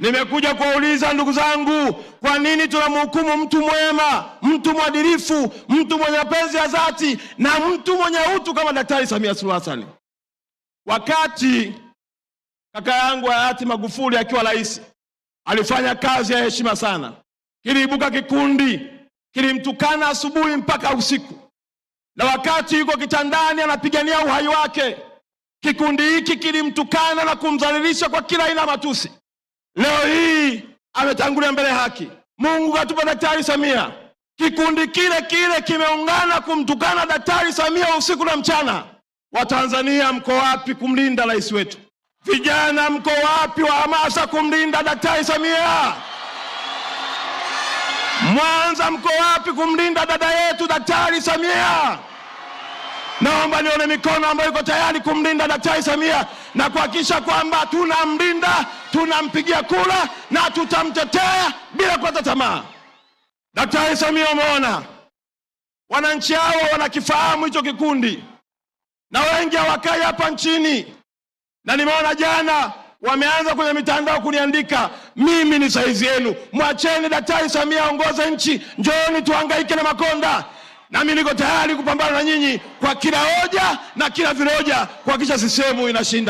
Nimekuja kuwauliza ndugu zangu, kwa nini tunamhukumu mtu mwema, mtu mwadilifu, mtu mwenye mapenzi ya dhati na mtu mwenye utu kama Daktari Samia Suluhu Hassan? Wakati kaka yangu hayati Magufuli akiwa rais, alifanya kazi ya heshima sana. Kiliibuka kikundi kilimtukana asubuhi mpaka usiku, na wakati yuko kitandani anapigania uhai wake, kikundi hiki kilimtukana na kumdhalilisha kwa kila aina matusi. Leo hii ametangulia mbele haki. Mungu katupa Daktari Samia, kikundi kile kile kimeungana kumtukana Daktari Samia usiku na mchana. Watanzania mko wapi kumlinda rais wetu? Vijana mko wapi wa hamasa kumlinda Daktari Samia? Mwanza mko wapi kumlinda dada yetu Daktari Samia? Naomba nione mikono ambayo iko tayari kumlinda Daktari Samia na kuhakikisha kwamba tunamlinda, tunampigia kura na tutamtetea bila kukata tamaa. Daktari Samia umeona wananchi hao wanakifahamu hicho kikundi, na wengi hawakai hapa nchini, na nimeona jana wameanza kwenye mitandao kuniandika, mimi ni saizi yenu, mwacheni Daktari Samia aongoze nchi, njooni tuhangaike na Makonda, nami niko tayari kupambana na nyinyi kwa kila hoja na kila viroja kuhakikisha sisehemu inashinda.